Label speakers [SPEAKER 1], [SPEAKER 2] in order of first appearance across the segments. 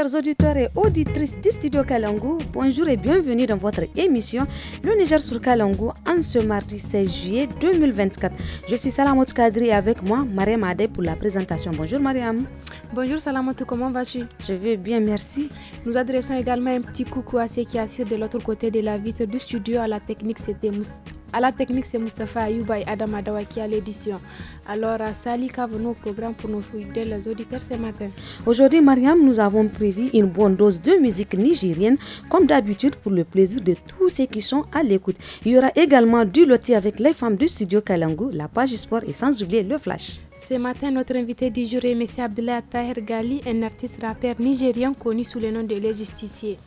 [SPEAKER 1] chers auditeurs et auditrices du Studio Kalangou, bonjour et bienvenue dans votre émission Le Niger sur Kalangou en ce mardi 16 juillet 2024. Je suis Salamot Kadri avec moi, Mariam
[SPEAKER 2] Adé pour la présentation. Bonjour Mariam. Bonjour Salamot, comment vas-tu Je vais bien, merci. Nous adressons également un petit coucou à ceux qui assistent de l'autre côté de la vitre du studio à la technique, c'était à la technique, c'est Mustafa Ayouba et Adam Adawa qui à l'édition. Alors, euh, Sali, qu'avons-nous au programme pour nos les auditeurs ce matin
[SPEAKER 1] Aujourd'hui, Mariam, nous avons prévu une bonne dose de musique nigérienne, comme d'habitude, pour le plaisir de tous ceux qui sont à l'écoute. Il y aura également du loti avec les femmes du studio Kalangu, la page sport et sans oublier le flash.
[SPEAKER 2] Ce matin, notre invité du jour est M. Abdullah Tahir Gali, un artiste rappeur nigérien connu sous le nom de Les Justiciers ».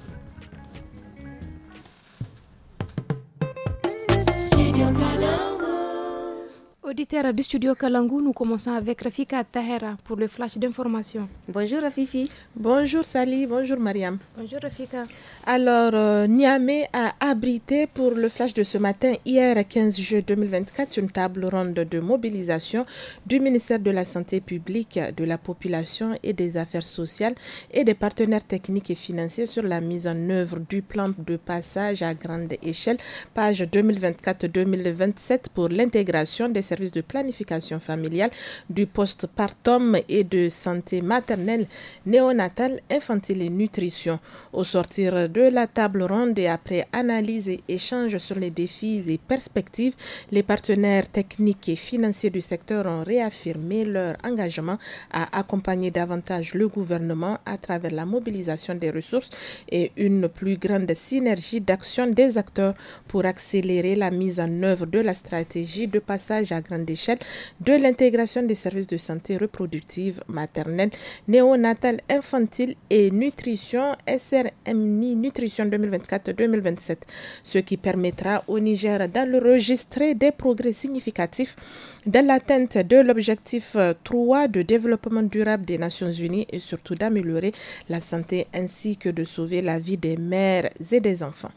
[SPEAKER 2] auditeurs du studio Kalangu, nous commençons avec
[SPEAKER 3] Rafika Tahera pour le flash d'information. Bonjour Rafifi. Bonjour Sali, bonjour Mariam.
[SPEAKER 2] Bonjour Rafika.
[SPEAKER 3] Alors, euh, Niamey a abrité pour le flash de ce matin, hier 15 juin 2024, une table ronde de mobilisation du ministère de la Santé publique, de la population et des affaires sociales et des partenaires techniques et financiers sur la mise en œuvre du plan de passage à grande échelle, page 2024-2027 pour l'intégration des services de planification familiale, du postpartum et de santé maternelle, néonatale, infantile et nutrition. Au sortir de la table ronde et après analyse et échange sur les défis et perspectives, les partenaires techniques et financiers du secteur ont réaffirmé leur engagement à accompagner davantage le gouvernement à travers la mobilisation des ressources et une plus grande synergie d'action des acteurs pour accélérer la mise en œuvre de la stratégie de passage à grande échelle de l'intégration des services de santé reproductive maternelle, néonatale, infantile et nutrition SRMNI Nutrition 2024-2027, ce qui permettra au Niger d'enregistrer des progrès significatifs dans l'atteinte de l'objectif 3 de développement durable des Nations Unies et surtout d'améliorer la santé ainsi que de sauver la vie des mères et des enfants.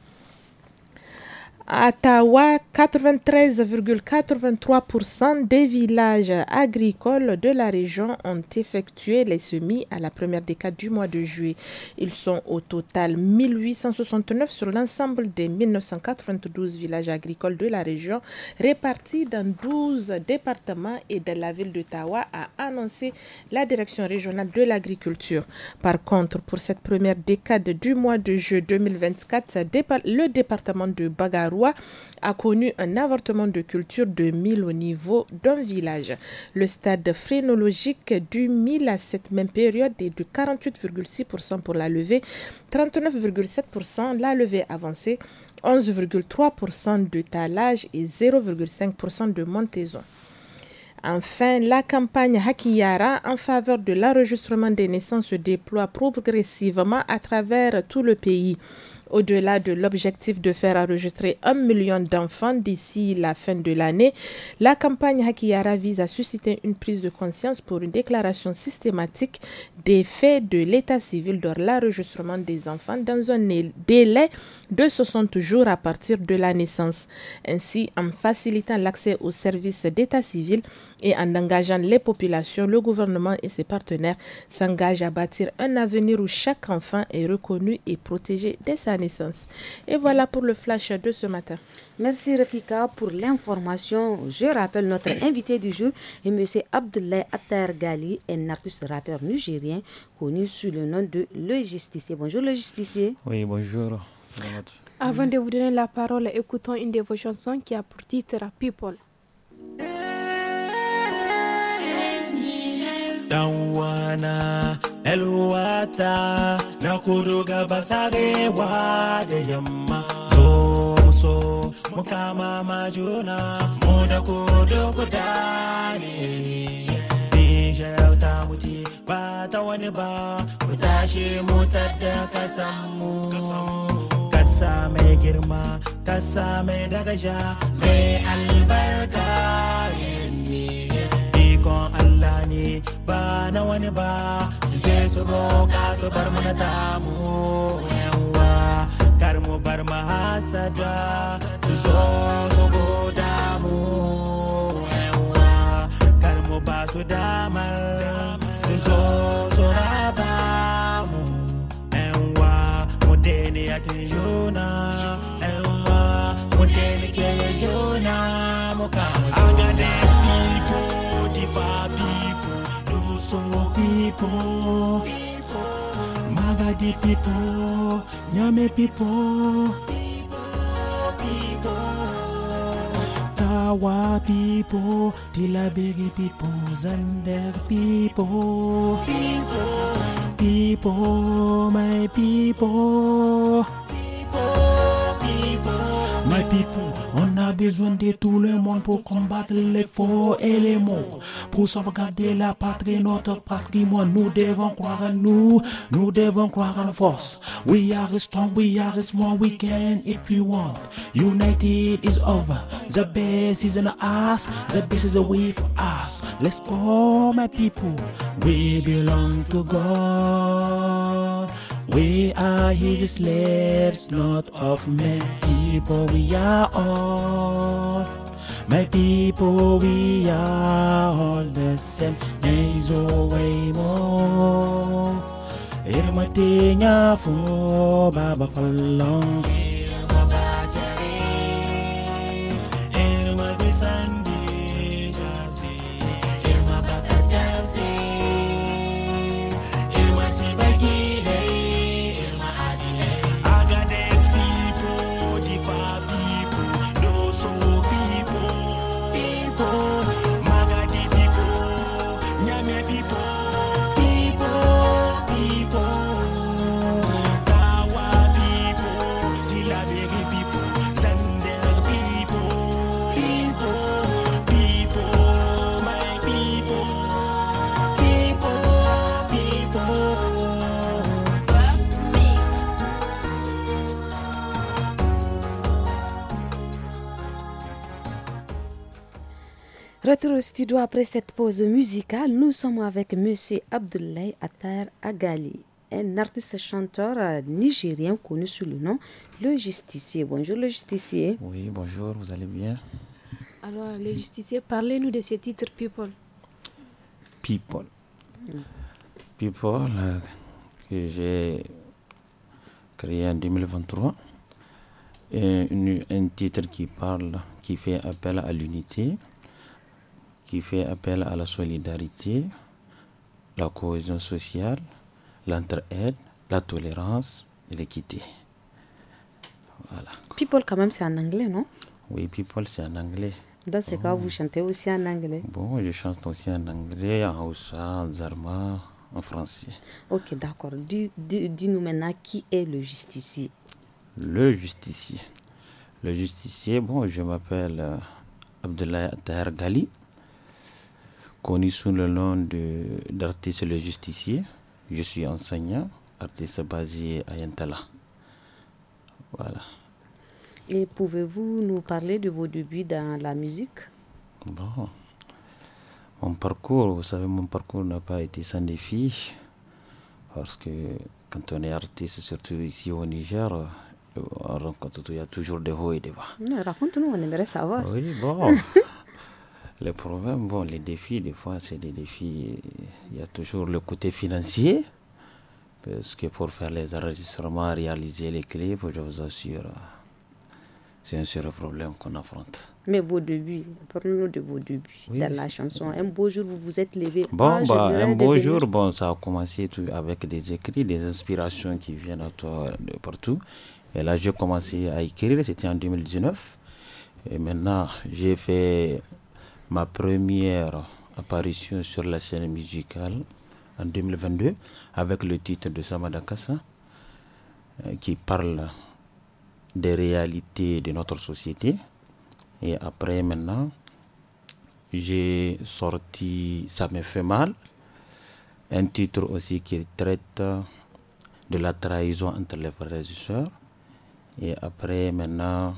[SPEAKER 3] À Tawa, 93,83% des villages agricoles de la région ont effectué les semis à la première décade du mois de juillet. Ils sont au total 1869 sur l'ensemble des 1992 villages agricoles de la région répartis dans 12 départements et de la ville d'Ottawa, a annoncé la direction régionale de l'agriculture. Par contre, pour cette première décade du mois de juillet 2024, le département de Bagarou a connu un avortement de culture de 1000 au niveau d'un village. Le stade phrénologique du 1000 à cette même période est de 48,6% pour la levée, 39,7% la levée avancée, 11,3% de talage et 0,5% de montaison. Enfin, la campagne Hakiyara en faveur de l'enregistrement des naissances se déploie progressivement à travers tout le pays. Au-delà de l'objectif de faire enregistrer un million d'enfants d'ici la fin de l'année, la campagne Hakiyara vise à susciter une prise de conscience pour une déclaration systématique des faits de l'état civil dans l'enregistrement des enfants dans un délai de 60 jours à partir de la naissance. Ainsi, en facilitant l'accès aux services d'état civil et en engageant les populations, le gouvernement et ses partenaires s'engagent à bâtir un avenir où chaque enfant est reconnu et protégé dès sa naissance. Et voilà pour le flash de ce matin. Merci Rafika pour l'information. Je rappelle notre invité du jour et M. Abdoulaye
[SPEAKER 1] Attar Gali, un artiste rappeur nigérien connu sous le nom de Le Justicier. Bonjour Le
[SPEAKER 2] Justicier.
[SPEAKER 4] Oui, bonjour.
[SPEAKER 2] Avant de vous donner la parole, écoutons une de vos chansons qui a pour titre People.
[SPEAKER 4] ɗanwana elwata na kudu gaba sarewa da yamma so mu kama ma juna mu da kudu guda ne Shauta muti ba ta wani ba mu tashi mu da kasanmu kasa mai girma kasa mai dagaja mai albarka ikon Allah ne ba na wani ba su je su roƙa su bar mana tamu yawa kar mu bar mahasada su zo su goda mu yawa kar mu ba su damar su zo su raba mu yawa mu daina yakin juna people, Magadi people, yame people, Tawa people, Tilaberi people, Zander people, people, my people. besoin de tout le monde pour combattre les faux éléments. les morts. Pour sauvegarder la patrie, notre patrimoine, nous devons croire en nous, nous devons croire en force. We are strong, we are small, we can if we want. United is over, the best is in us, the best is way for us. Let's go, my people, we belong to God. We are his slaves, not of men. People, we are all. My people, we are all the same. Naizo waimo. Irmatinga fo baba falong.
[SPEAKER 1] Retour au studio après cette pause musicale, nous sommes avec Monsieur Abdoulaye Atar Agali, un artiste chanteur euh, nigérien connu sous le nom Le Justicier. Bonjour Le Justicier.
[SPEAKER 4] Oui, bonjour, vous allez bien
[SPEAKER 2] Alors, Le Justicier, parlez-nous de ce titre People. People. Mm.
[SPEAKER 4] People euh, que j'ai créé en 2023. un titre qui parle, qui fait appel à l'unité qui fait appel à la solidarité, la cohésion sociale, l'entraide, la tolérance et l'équité. Voilà.
[SPEAKER 1] People, quand même, c'est en anglais, non
[SPEAKER 4] Oui, people, c'est en anglais.
[SPEAKER 1] Dans ce cas, vous chantez aussi en anglais
[SPEAKER 4] Bon, je chante aussi en anglais, en haussa, en zarma, en français.
[SPEAKER 1] Ok, d'accord. Dis-nous maintenant qui est le justicier
[SPEAKER 4] Le justicier. Le justicier, bon, je m'appelle Abdellah Abdullah connu sous le nom d'artiste Le Justicier. Je suis enseignant, artiste basé à Yantala. Voilà.
[SPEAKER 1] Et pouvez-vous nous parler de vos débuts dans la musique
[SPEAKER 4] Bon. Mon parcours, vous savez, mon parcours n'a pas été sans défi. Parce que quand on est artiste, surtout ici au Niger, on rencontre, il y a toujours des hauts et des bas.
[SPEAKER 1] Raconte-nous, on aimerait savoir.
[SPEAKER 4] Oui, bon. Les problèmes, bon, les défis, des fois, c'est des défis. Il y a toujours le côté financier. Parce que pour faire les enregistrements, réaliser les clips, je vous assure, c'est un sérieux problème qu'on affronte.
[SPEAKER 1] Mais vos débuts, parlez-nous de vos débuts dans la chanson. Un beau jour, vous vous êtes levé. Bon, ah, bah, un beau jour,
[SPEAKER 4] bon, ça a commencé tout avec des écrits, des inspirations qui viennent à toi de partout. Et là, j'ai commencé à écrire, c'était en 2019. Et maintenant, j'ai fait ma première apparition sur la scène musicale en 2022 avec le titre de Samadakasa euh, qui parle des réalités de notre société. Et après maintenant, j'ai sorti Ça me fait mal, un titre aussi qui traite de la trahison entre les frères et soeurs... Et après maintenant,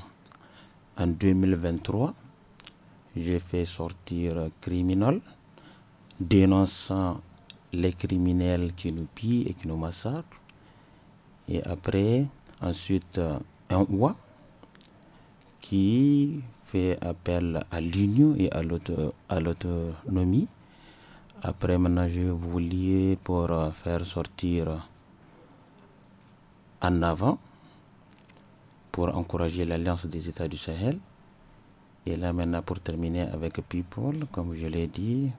[SPEAKER 4] en 2023, j'ai fait sortir criminel dénonçant les criminels qui nous pillent et qui nous massacrent. Et après, ensuite, euh, un roi qui fait appel à l'union et à l'autonomie. Après, maintenant, je voulais pour euh, faire sortir en avant, pour encourager l'alliance des États du Sahel. Et là maintenant pour terminer avec People, comme je l'ai dit,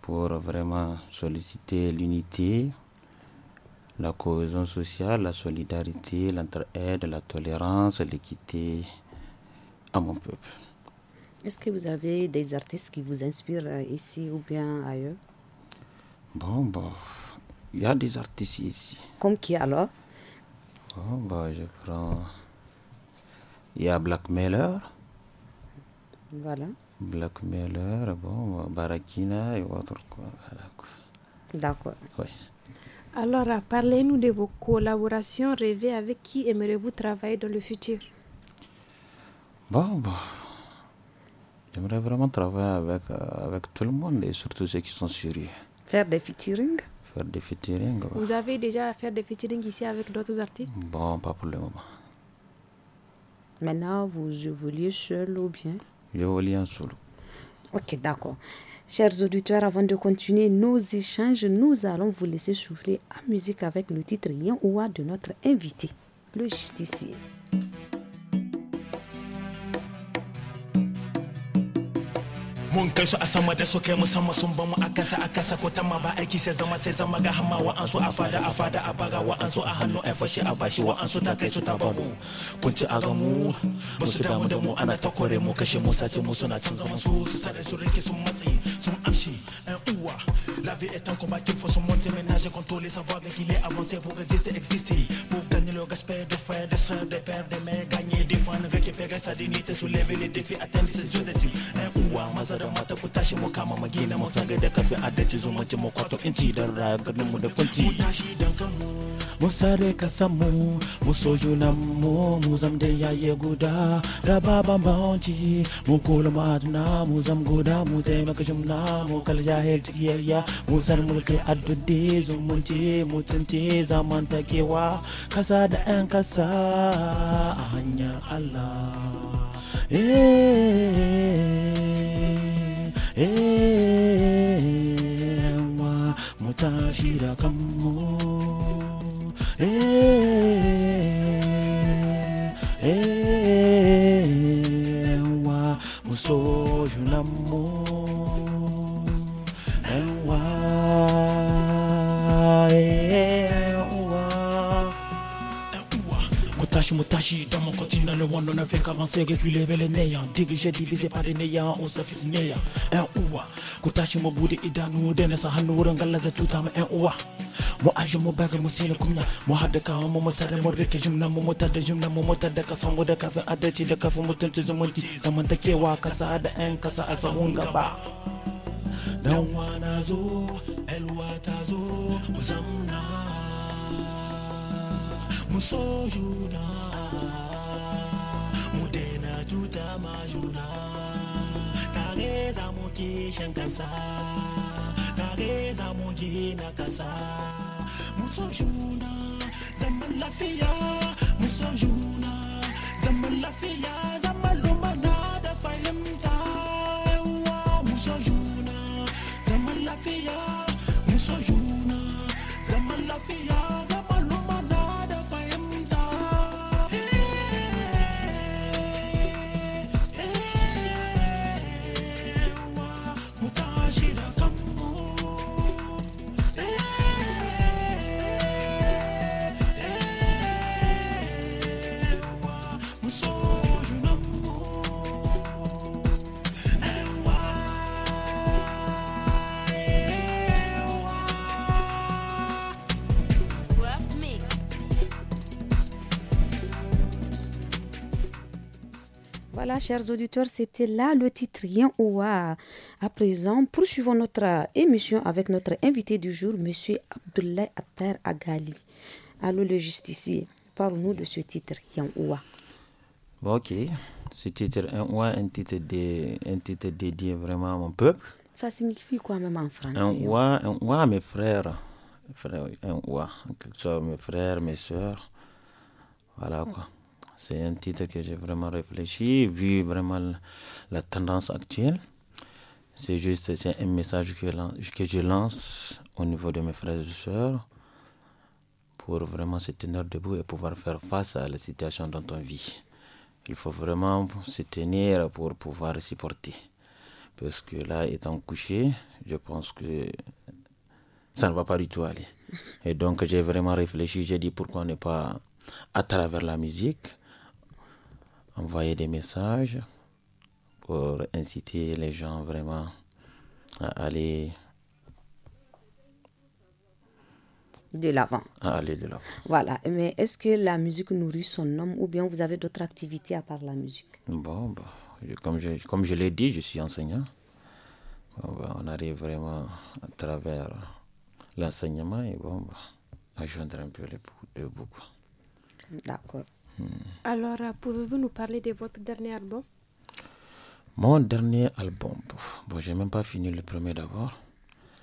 [SPEAKER 4] pour vraiment solliciter l'unité, la cohésion sociale, la solidarité, l'entraide, la tolérance, l'équité à mon peuple.
[SPEAKER 1] Est-ce que vous avez des artistes qui vous inspirent euh, ici ou bien ailleurs
[SPEAKER 4] Bon, bon, il y a des artistes ici.
[SPEAKER 1] Comme qui alors
[SPEAKER 4] Bon, bah, je prends. Il y a blackmailer. Voilà. Blackmailer, bon, Barakina et autres. Quoi. D'accord. Oui.
[SPEAKER 2] Alors, euh, parlez-nous de vos collaborations rêvées. Avec qui aimeriez-vous travailler dans le futur
[SPEAKER 4] Bon, bon. J'aimerais vraiment travailler avec, euh, avec tout le monde et surtout ceux qui sont sérieux. Faire des featuring Faire des featuring. Vous
[SPEAKER 2] avez déjà à faire des featuring ici avec d'autres artistes
[SPEAKER 4] Bon, pas pour le moment.
[SPEAKER 1] Maintenant, vous vouliez seul ou bien l'éolien Ok, d'accord. Chers auditeurs, avant de continuer nos échanges, nous allons vous laisser souffler à musique avec le titre ou Oua de notre
[SPEAKER 4] invité, le justicier. mun kai su a sama da su kai musamman sun mu a kasa a kasa ko ma ba aiki sai zama sai zama ga hama wa ansu a fada a fada a baga wa ansu a hannu a fashi a bashi wa ansu ta kai su ta bamu kun ci a gamu ba su damu da mu ana ta mu kashe mu sace mu suna cin zaman su su sare su rinki sun matsi sun amshi vie est un combat qu'il faut surmonter, ménager, contrôler, savoir bien qu'il est avancé pour résister, exister. Pour gagner le respect de frères, de soeurs, de pères, de mères, gagner, défendre, récupérer sa dignité, soulever les défis, atteindre ses objectifs. Un uwa, mazara mata kutashi mukama magina, musaga da kafi adalci zumunci mu kwato inci da ragar mu da kunci. Mu tashi dan kanmu. musare kasamu musoju namu muzam deya yeguda, da baba maonji mukul madna muzam guda mute makajumna mukal jahil tikiya musar mulki adudi zaman takiwa, kasa da yan kasa a Allah eh eh, eh mutashira kanmu Eh, eh, eh, ewa eh eh dans mon continent le monde on ne fait qu'avancer reculer vers les néants dirigé divisé par les néants on fait néant un ouah Kutashi mo idanu dene sa hanu rangallaza tutama un ouah mu aji mu mo mu sai kunya mu haɗa kawo mu musare mu rike jimna mu mutar da jimna mu mutar da kasan mu da kafin adalci da kafin ke wa zamantakewa kasa da sa kasa a sahun gaba. Dan wana zo, elwa ta zo, mo zamna, mo so juna, de na juta ma juna, tare za mu kishin kasa. des moye na kasa muso juna la fille,
[SPEAKER 1] chers auditeurs, c'était là le titre Yen Ouah. À présent, poursuivons notre euh, émission avec notre invité du jour, Monsieur Abdoulaye Atter Agali. Allô, le justicier, parle-nous de ce titre Yen Ouah.
[SPEAKER 4] Ok, ce titre Yen Ouah, un titre, un titre dédié vraiment à mon peuple.
[SPEAKER 1] Ça signifie quoi même en français Un Ouah,
[SPEAKER 4] un Ouah, mes frères. Frère, un Ouah, mes frères, mes soeurs. Voilà quoi. C'est un titre que j'ai vraiment réfléchi, vu vraiment la tendance actuelle. C'est juste c'est un message que, que je lance au niveau de mes frères et sœurs pour vraiment se tenir debout et pouvoir faire face à la situation dont on vit. Il faut vraiment se tenir pour pouvoir supporter. Parce que là, étant couché, je pense que ça ne va pas du tout aller. Et donc, j'ai vraiment réfléchi, j'ai dit pourquoi on n'est pas à travers la musique, envoyer des messages pour inciter les gens vraiment à aller de l'avant. aller de l'avant.
[SPEAKER 1] Voilà. Mais est-ce que la musique nourrit son homme ou bien vous avez d'autres activités à part la musique
[SPEAKER 4] Bon, comme je, comme je l'ai dit, je suis enseignant. on arrive vraiment à travers l'enseignement et bon, bah, à joindre un peu les, deux beaucoup.
[SPEAKER 1] D'accord. Hmm.
[SPEAKER 2] Alors, euh, pouvez-vous nous parler de votre dernier album
[SPEAKER 4] Mon dernier album, bon, j'ai même pas fini le premier d'abord.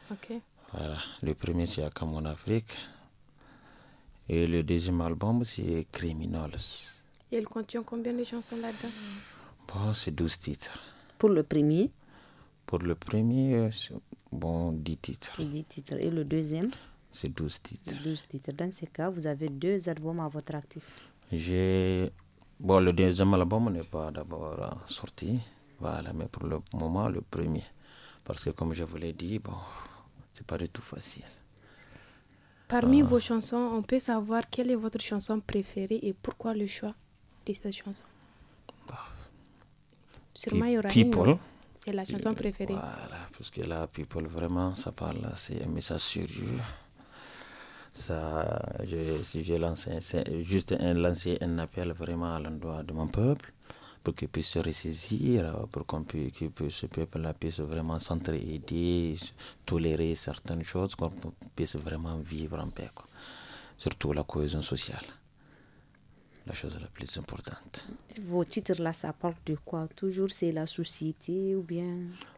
[SPEAKER 4] Ok. Voilà, le premier c'est Akam en Afrique. Et le deuxième album c'est Criminals.
[SPEAKER 2] Et il contient combien de chansons là-dedans
[SPEAKER 4] Bon, c'est 12 titres. Pour le premier Pour le premier, euh, bon, 10 titres.
[SPEAKER 1] 10 titres. Et le deuxième
[SPEAKER 4] C'est 12 titres.
[SPEAKER 1] 12 titres. Dans ce cas, vous avez deux albums à votre actif.
[SPEAKER 4] J'ai bon, le deuxième album n'est pas d'abord euh, sorti, voilà, mais pour le moment le premier, parce que comme je vous l'ai dit, bon, c'est pas du tout facile.
[SPEAKER 2] Parmi euh. vos chansons, on peut savoir quelle est votre chanson préférée et pourquoi le choix de cette chanson. Bah, People. C'est la chanson préférée. Voilà,
[SPEAKER 4] parce que là, People, vraiment, ça parle, c'est mais ça sérieux ça, j'ai lancé, juste un, un appel vraiment à l'endroit de mon peuple pour qu'il puisse se ressaisir, pour qu'on puisse, ce peuple-là puisse vraiment s'entraider, tolérer certaines choses, qu'on puisse vraiment vivre en paix, surtout la cohésion sociale la chose la plus importante.
[SPEAKER 1] Vos titres là, ça parle de quoi Toujours c'est la société ou bien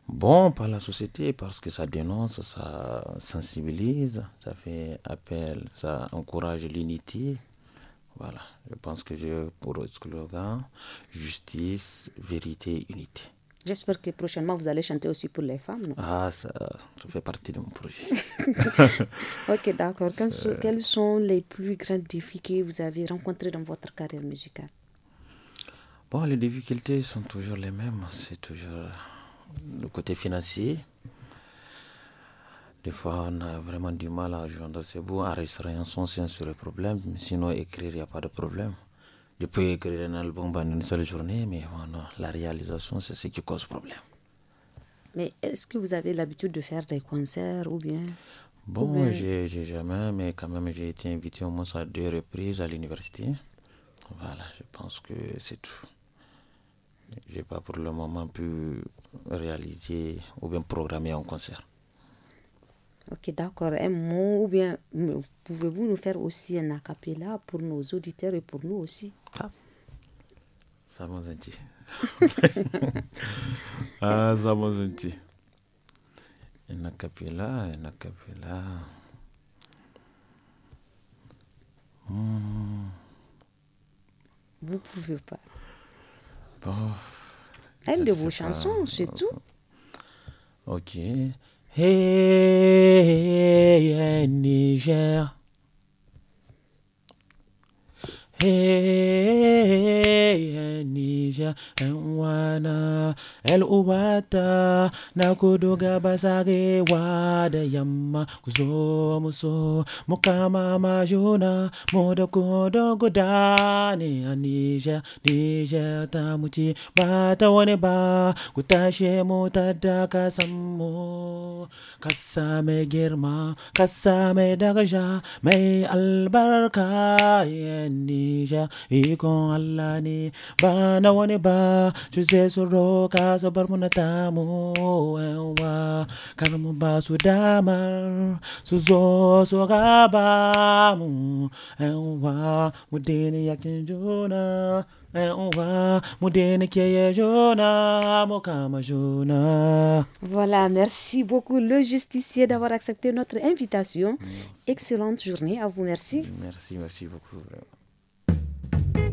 [SPEAKER 4] Bon, pas la société parce que ça dénonce, ça sensibilise, ça fait appel, ça encourage l'unité. Voilà, je pense que j'ai pour slogan justice, vérité, unité.
[SPEAKER 1] J'espère que prochainement, vous allez chanter aussi pour les femmes. Non?
[SPEAKER 4] ah, ça, fait partie de mon projet.
[SPEAKER 1] ok, d'accord. Quels sont les plus grands défis que vous avez rencontrés dans votre carrière musicale
[SPEAKER 4] Bon, les difficultés sont toujours les mêmes. C'est toujours le côté financier. Des fois, on a vraiment du mal à joindre ses bouts. à restreindre son, sein sur le problème. sinon, écrire, il n'y a pas de problème. Je peux écrire un album en une seule journée, mais bon, la réalisation, c'est ce qui cause problème.
[SPEAKER 1] Mais est-ce que vous avez l'habitude de faire des concerts ou
[SPEAKER 4] bien Bon, moi j'ai jamais, mais quand même, j'ai été invité au moins à deux reprises à l'université. Voilà, je pense que c'est tout. J'ai pas pour le moment pu réaliser ou bien programmer un concert.
[SPEAKER 1] Ok, d'accord. Un mot ou bien pouvez-vous nous faire aussi un acapella pour nos auditeurs et pour nous aussi ah.
[SPEAKER 4] Ça ah, senti. Un acapella, un acapella. Hmm. Vous pouvez pas. Bon. aimez de vos chansons, c'est tout. Ok. Hey, Niger. Hey, Nisha, Nwana, El Uwata, Nakuduga Basage, Wada Yama, Kuzo Muso, Mukama Majuna, Modokodo Godani, Anisha, Nisha Tamuti, Bata Waneba, Kutashe Mutadaka Samo, Kasame Girma, Kasame Dagaja, May Albarka, Nisha. Niger ikon Allah ne ba na wani ba su sai su roka su bar mu na tamu wa kar mu ba su damar su zo su gaba mu wa jona wa jona daina kama jona
[SPEAKER 1] Voilà, merci beaucoup le
[SPEAKER 4] justicier d'avoir
[SPEAKER 1] accepté notre invitation. Merci. Excellente journée à vous, merci.
[SPEAKER 4] Merci, merci beaucoup. vraiment.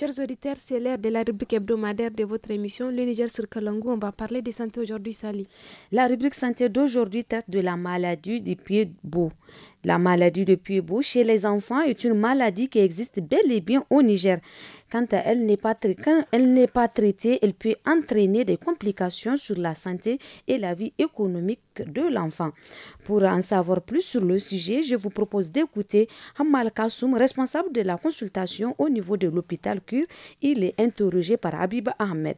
[SPEAKER 5] Chers
[SPEAKER 2] auditeurs, c'est l'heure de la rubrique hebdomadaire de votre émission Le Niger sur Kalangu. On va parler de santé aujourd'hui, Sali. La rubrique santé d'aujourd'hui traite de la maladie des pieds beau. La maladie
[SPEAKER 1] de beau chez les enfants est une maladie qui existe bel et bien au Niger. Quand elle n'est pas, elle n'est pas traitée, elle peut entraîner des complications sur la santé et la vie économique de l'enfant. Pour en savoir plus sur le sujet, je vous propose d'écouter Hamal Kassoum, responsable de la consultation au niveau de l'hôpital Cure. Il est interrogé par Habib Ahmed.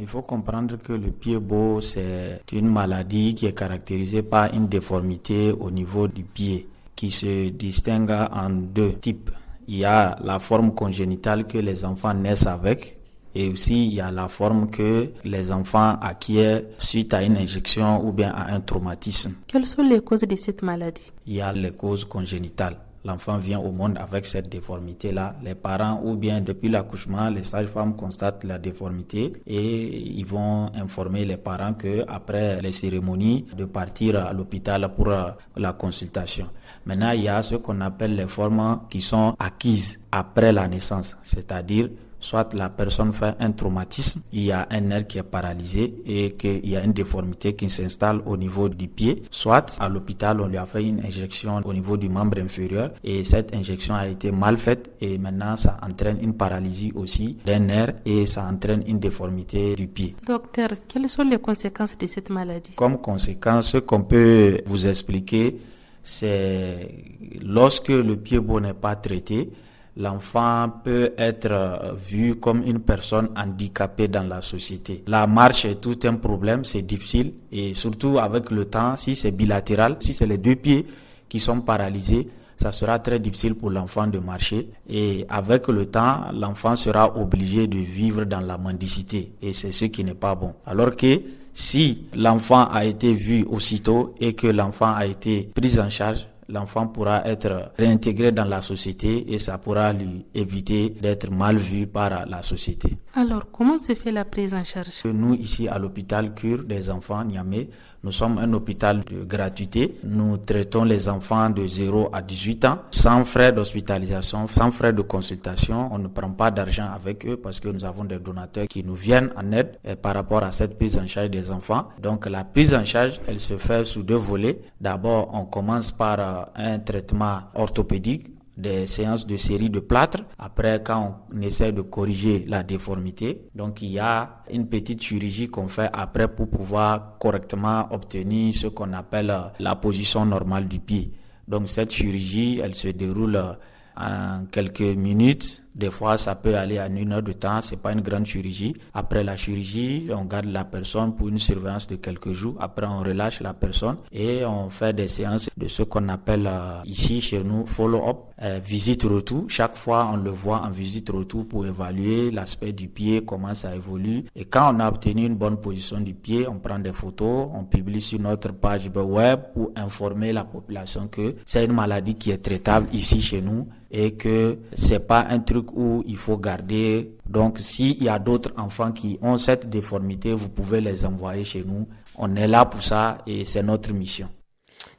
[SPEAKER 6] Il faut comprendre que le pied beau, c'est une maladie qui est caractérisée par une déformité au niveau du pied qui se distingue en deux types. Il y a la forme congénitale que les enfants naissent avec et aussi il y a la forme que les enfants acquièrent suite à une injection ou bien à un traumatisme.
[SPEAKER 7] Quelles sont les causes de cette maladie
[SPEAKER 6] Il y a les causes congénitales. L'enfant vient au monde avec cette déformité-là. Les parents ou bien depuis l'accouchement, les sages-femmes constatent la déformité et ils vont informer les parents que après les cérémonies de partir à l'hôpital pour la consultation. Maintenant, il y a ce qu'on appelle les formes qui sont acquises après la naissance, c'est-à-dire soit la personne fait un traumatisme, il y a un nerf qui est paralysé et qu'il y a une déformité qui s'installe au niveau du pied, soit à l'hôpital on lui a fait une injection au niveau du membre inférieur et cette injection a été mal faite et maintenant ça entraîne une paralysie aussi d'un nerf et ça entraîne une déformité du pied.
[SPEAKER 7] Docteur, quelles sont les conséquences de cette
[SPEAKER 6] maladie Comme conséquence, ce qu'on peut vous expliquer, c'est lorsque le pied beau n'est pas traité, l'enfant peut être euh, vu comme une personne handicapée dans la société. La marche est tout un problème, c'est difficile et surtout avec le temps, si c'est bilatéral, si c'est les deux pieds qui sont paralysés, ça sera très difficile pour l'enfant de marcher. Et avec le temps, l'enfant sera obligé de vivre dans la mendicité. Et c'est ce qui n'est pas bon. Alors que si l'enfant a été vu aussitôt et que l'enfant a été pris en charge, l'enfant pourra être réintégré dans la société et ça pourra lui éviter d'être mal vu par la société.
[SPEAKER 7] Alors, comment se fait la prise en charge
[SPEAKER 6] Nous, ici à l'hôpital Cure des enfants Niamey, nous sommes un hôpital de gratuité. Nous traitons les enfants de 0 à 18 ans sans frais d'hospitalisation, sans frais de consultation. On ne prend pas d'argent avec eux parce que nous avons des donateurs qui nous viennent en aide euh, par rapport à cette prise en charge des enfants. Donc la prise en charge, elle se fait sous deux volets. D'abord, on commence par euh, un traitement orthopédique des séances de série de plâtre. Après, quand on essaie de corriger la déformité, donc il y a une petite chirurgie qu'on fait après pour pouvoir correctement obtenir ce qu'on appelle euh, la position normale du pied. Donc cette chirurgie, elle se déroule euh, en quelques minutes des fois, ça peut aller en une heure de temps, c'est pas une grande chirurgie. Après la chirurgie, on garde la personne pour une surveillance de quelques jours. Après, on relâche la personne et on fait des séances de ce qu'on appelle euh, ici chez nous follow-up, euh, visite-retour. Chaque fois, on le voit en visite-retour pour évaluer l'aspect du pied, comment ça évolue. Et quand on a obtenu une bonne position du pied, on prend des photos, on publie sur notre page web pour informer la population que c'est une maladie qui est traitable ici chez nous et que c'est pas un truc où il faut garder. Donc, s'il y a d'autres enfants qui ont cette déformité, vous pouvez les envoyer chez nous. On est là pour ça et c'est notre mission.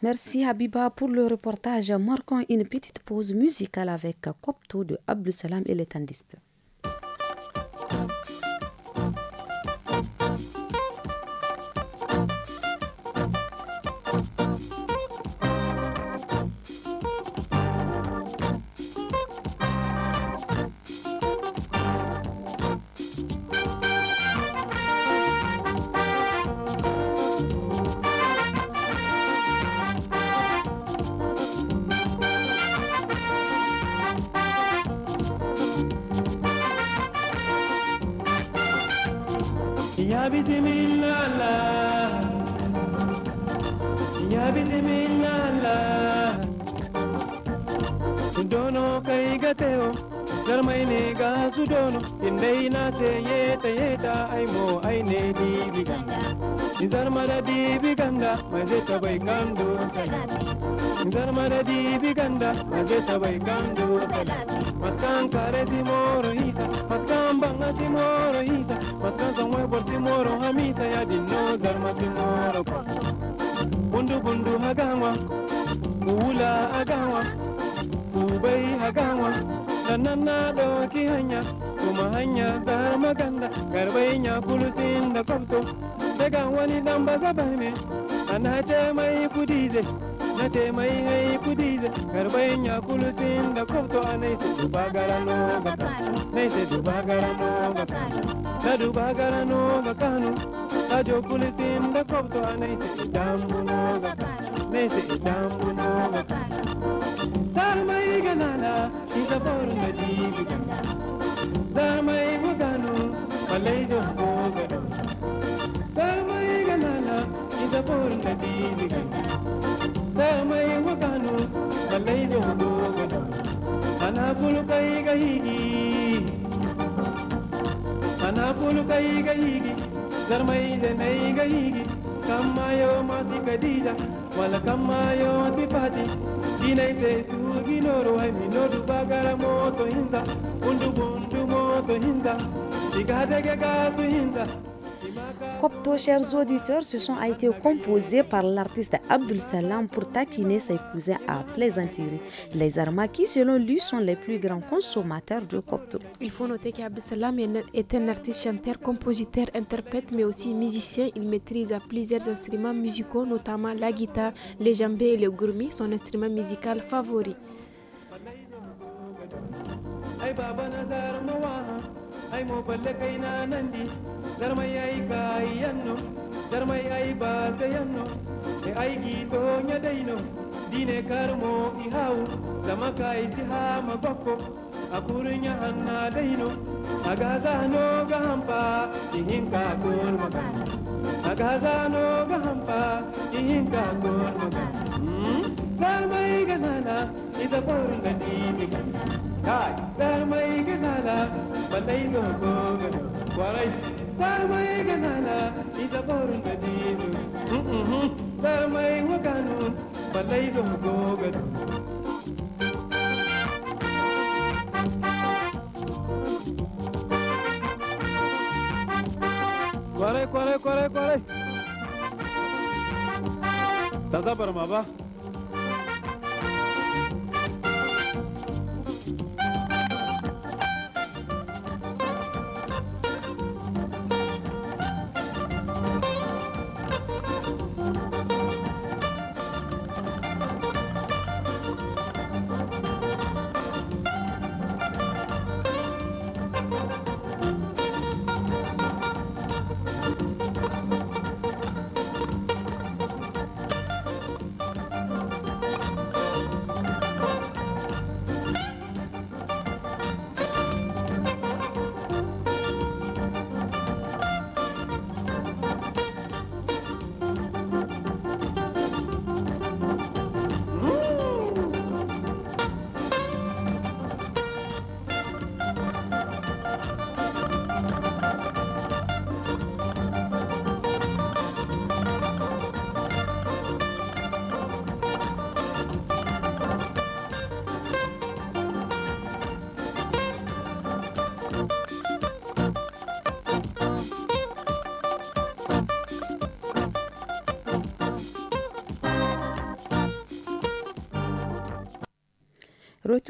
[SPEAKER 1] Merci Habiba pour le reportage. Marquons une petite pause musicale avec Copto de Abdul Salam et les Tandistes.
[SPEAKER 8] zo daga wani dan ba zabar me ana ce mai kudi zai na te mai hai kudi zai garbayin ya kulutin da kwafto a nai sai duba gara no ga kano nai sai duba gara no ga kano na duba gara no ga kano na jo kulutin da kwafto a nai sai damu no ga kano nai sai damu no ga kano dar mai ganana ita borna dibi dar mai bugano malai jo போன்ற தீவுகள் ಸಮಯವನು ಬಲ್ಲೈದೊಂದು ಮನಪುಲು ಕೈಗೈಗಿ ಮನಪುಲು ಕೈಗೈಗಿ ಧರ್ಮೈದ ನೈಗೈಗಿ ಕಮ್ಮಾಯೋ ಮಾತಿ ಕದೀಜ ವಲ ಕಮ್ಮಾಯೋ ಅತಿ ಪಾತಿ ದಿನೈತೆ ತೂಗಿ ನೋರು ಐಮಿ ನೋಡು ಬಗರ ಮೋತು ಹಿಂದ ಉಂಡು ಬುಂಡು ಮೋತು ಹಿಂದ ಸಿಗಾದೆಗೆ ಗಾತು ಹಿಂದ
[SPEAKER 1] Copto, chers auditeurs, ce son a été composé par l'artiste Abdul Salam pour taquiner ses cousins à plaisanterie. Les qui, selon lui, sont les plus grands consommateurs de Copto.
[SPEAKER 2] Il faut noter qu'Abdul Salam est un artiste chanteur, compositeur, interprète, mais aussi musicien. Il maîtrise plusieurs instruments musicaux, notamment la guitare, les jambées et le gourmi, son instrument musical favori.
[SPEAKER 8] ai mo balle kai na nandi darmai ai kai yanno darmai ai ba ga yanno e ai gi to nya daino dine mo i hau zama kai ti ha ma bakko apurunya hanna daino za no gahampa ma ga aga za no gahampa ka kol ma ga vermeyi gazana ida porunga dini kai vermeyi gazana bandai no goga warai vermeyi gazana ida porunga dini vermeyi wakanu bandai no goga Kwarai, kwarai, kwarai, kwarai. Ta zabar ma ba.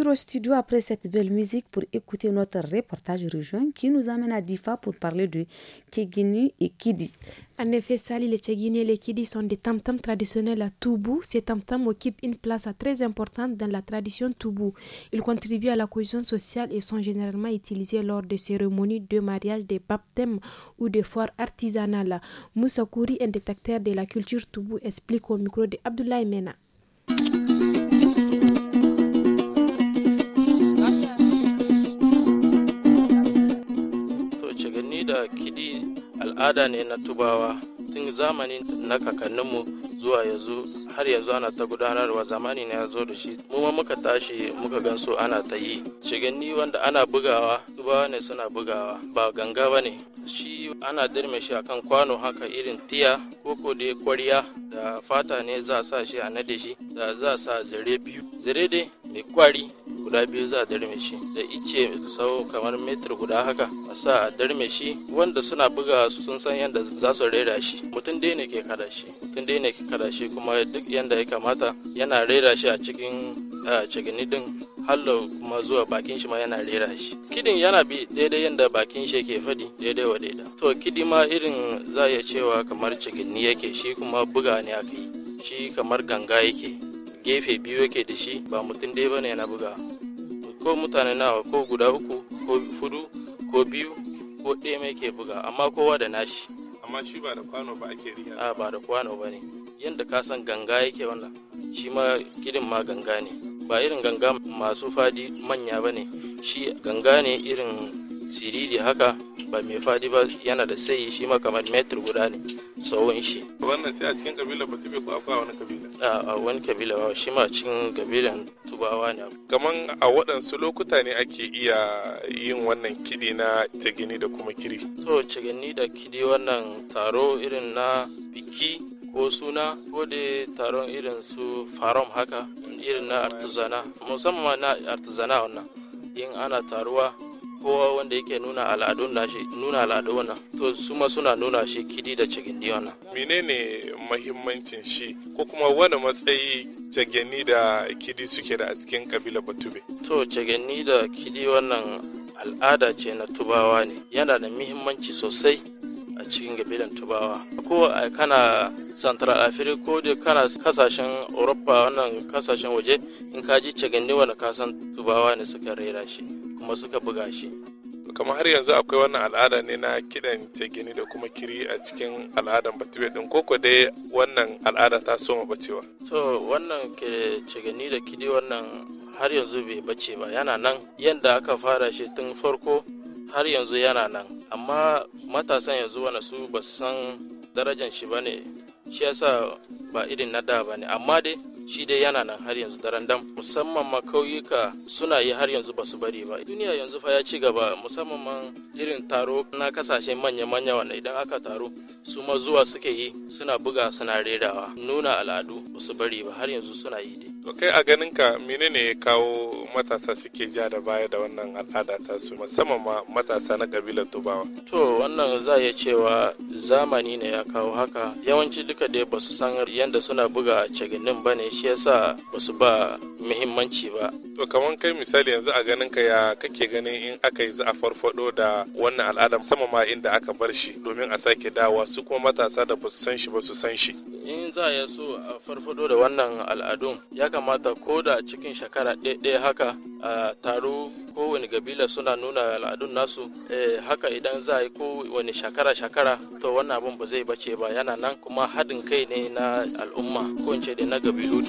[SPEAKER 1] au studio après cette belle musique pour écouter notre reportage rejoint qui nous amène à Difa pour parler de Kegini et Kidi.
[SPEAKER 2] En effet, Sali, les Tchegini et les Kidi sont des tam traditionnels à Toubou. Ces tam-tams occupent une place très importante dans la tradition Toubou. Ils contribuent à la cohésion sociale et sont généralement utilisés lors des cérémonies de mariage, des baptêmes ou des foires artisanales. Moussa Kouri, un détecteur de la culture Toubou, explique au micro de Abdoulaye Mena.
[SPEAKER 9] al'ada ne na tubawa tun zamani na kakanninmu zuwa yanzu har yanzu ana ta gudanarwa zamani ne ya zo da shi mu ma muka tashi muka gan su ana ta yi shiganni wanda ana bugawa tubawa ne suna bugawa ba ganga ba ne shi ana dirme shi kan kwano haka irin tiya koko da kwarya da fata ne za a sa shi a nade shi da za a sa zare biyu zare dai mai kwari guda biyu za a darme shi da ice sau kamar metir guda haka a sa a darme shi wanda suna buga sun san yadda za su rera shi mutum dai ne ke kada shi mutum dai ne ke kada shi kuma duk yadda ya kamata yana rera shi a cikin cigini din hallo kuma zuwa bakin shi ma yana rera shi kidin yana bi daidai yadda bakin shi yake faɗi daidai wa daida to kidi ma irin za iya cewa kamar cigini yake shi kuma buga ne aka yi shi kamar ganga yake gefe biyu yake da shi ba mutum dai bane yana buga ko mutane nawa ko guda uku ko fudu ko biyu ko ɗaya mai ke buga amma kowa da nashi amma shi ba da kwano ba ake riya a ba da kwano ba ne yadda ka san ganga yake wannan shi ma kidin ma ganga ne ba irin ganga masu fadi manya ba ne shi ganga ne irin siriri haka ba mai fadi ba yana da sai shi ma kamar metri guda ne tsawon shi wannan sai a cikin kabila ba tube ko akwai wani kabila a wani kabila ba shi ma cikin kabilan tubawa ne kaman a waɗansu lokuta ne ake iya yin wannan kidi na tagini da kuma kiri to tagini da kidi wannan taro irin na biki ko suna ko da taron irin su farom haka irin na artizana musamman na artizana wannan yin ana taruwa kowa wanda yake nuna al'adun nashi nuna al'adu wannan to su ma suna nuna shi kidi da cigindi wannan menene mahimmancin shi ko kuma wani matsayi cageni da kidi suke da a cikin kabila batube to cageni da kidi wannan al'ada ce na tubawa ne yana da muhimmanci sosai a cikin gabilan tubawa ko kana central africa ko da kana kasashen europa wannan kasashen waje in ka ji cagani wani kasan tubawa ne suka rera shi kuma suka buga shi kamar har yanzu akwai wannan al'ada ne na kidan gini da kuma kiri a cikin al'adan batuwe din koko dai wannan al'ada ta soma bacewa so wannan cegini da kidi wannan har yanzu bai bace ba yana nan yadda aka fara shi tun farko har yanzu yana nan amma matasan yanzu wani su ba san darajan shi ba ne shi yasa ba irin na da ba ne amma dai shi dai yana nan har yanzu daren dam musamman ma kauyuka suna yi har yanzu ba su bari ba duniya yanzu fa ya ci gaba musamman ma irin taro na kasashen manya-manya wanda idan aka taro su ma zuwa suke yi suna buga suna redawa nuna al'adu ba su bari ba har yanzu suna yi dai to kai a ganin ka menene ya kawo matasa suke ja da baya da wannan al'ada ta su musamman ma matasa na kabilar dubawa to wannan za ya cewa zamani ne ya kawo haka yawanci duka dai ba su san yadda suna buga caginin ba ne shi yasa basu ba muhimmanci ba to kamar kai misali yanzu a ganin ka ya kake ganin in aka yi a farfado da wannan al'ada sama ma inda aka bar shi domin a sake dawa su kuma matasa da ba san shi ba su san shi in za a so a farfado da wannan al'adun ya kamata ko da cikin shekara ɗaya haka a taro kowane gabila suna nuna al'adun nasu eh, haka idan za a yi kowane shakara-shakara to wannan abun ba zai bace ba yana nan kuma haɗin kai ne na al'umma ko in ce da na gabilu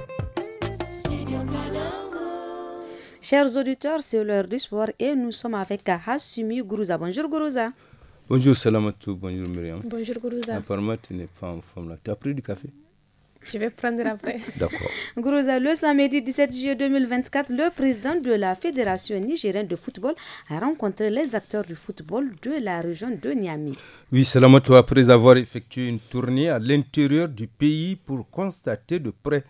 [SPEAKER 1] Chers auditeurs, c'est l'heure du sport et nous sommes avec Hassumi Gourouza. Bonjour Gourouza.
[SPEAKER 10] Bonjour Salamatou, bonjour Myriam. Bonjour Gourouza. Apparemment, tu n'es pas en forme là. Tu as pris du café
[SPEAKER 1] je vais prendre après. D'accord. Gourouza, le samedi 17 juillet 2024, le président de la Fédération nigérienne de football a rencontré les acteurs du football de la région de Niamey.
[SPEAKER 10] Oui, Salamatou, après avoir effectué une tournée à l'intérieur du pays pour constater de près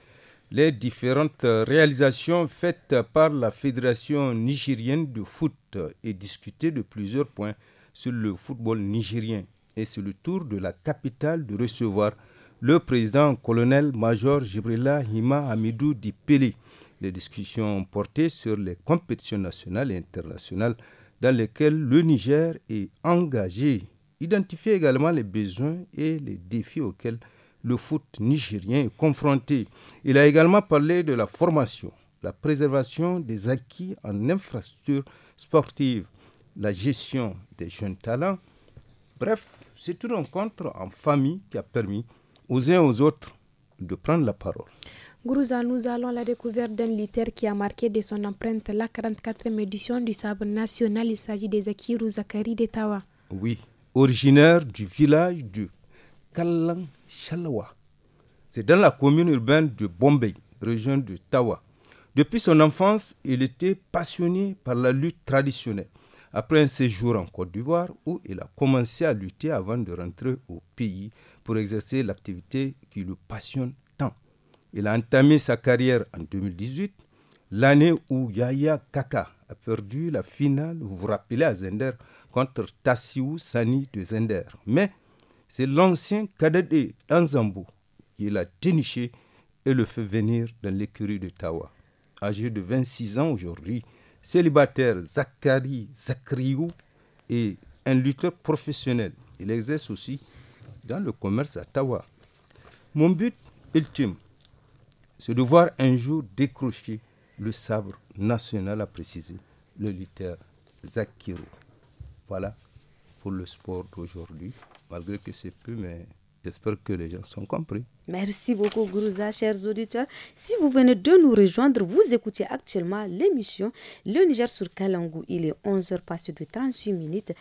[SPEAKER 10] les différentes euh, réalisations faites par la Fédération nigérienne de foot et discutées de plusieurs points sur le football nigérien. Et sur le tour de la capitale de recevoir le président colonel-major Jibrila Hima Hamidou Dipeli. Les discussions portées sur les compétitions nationales et internationales dans lesquelles le Niger est engagé. Identifier également les besoins et les défis auxquels le foot nigérien est confronté. Il a également parlé de la formation, la préservation des acquis en infrastructures sportives, la gestion des jeunes talents. Bref, c'est une rencontre en famille qui a permis aux uns aux autres de prendre la parole.
[SPEAKER 2] Gourouza, nous allons la découverte d'un littère qui a marqué de son empreinte la 44e édition du sabre national. Il s'agit des Akiru Zakari d'Etawa.
[SPEAKER 10] Oui, originaire du village de Kalang. C'est dans la commune urbaine de Bombay, région de Tawa. Depuis son enfance, il était passionné par la lutte traditionnelle. Après un séjour en Côte d'Ivoire, où il a commencé à lutter avant de rentrer au pays pour exercer l'activité qui le passionne tant. Il a entamé sa carrière en 2018, l'année où Yaya Kaka a perdu la finale, vous vous rappelez, à Zender, contre Tassiou Sani de Zender. Mais c'est l'ancien cadet de qui l'a déniché et le fait venir dans l'écurie de Tawa. Âgé de 26 ans aujourd'hui, célibataire Zachary Zakriou est un lutteur professionnel. Il exerce aussi dans le commerce à Tawa. Mon but ultime, c'est de voir un jour décrocher le sabre national, a précisé le lutteur Zakirou. Voilà pour le sport d'aujourd'hui malgré que c'est peu, mais j'espère que les gens sont compris.
[SPEAKER 1] Merci beaucoup, Gourouza, chers auditeurs. Si vous venez de nous rejoindre, vous écoutez actuellement l'émission Le Niger sur Kalangou. Il est 11h passé de 38 minutes.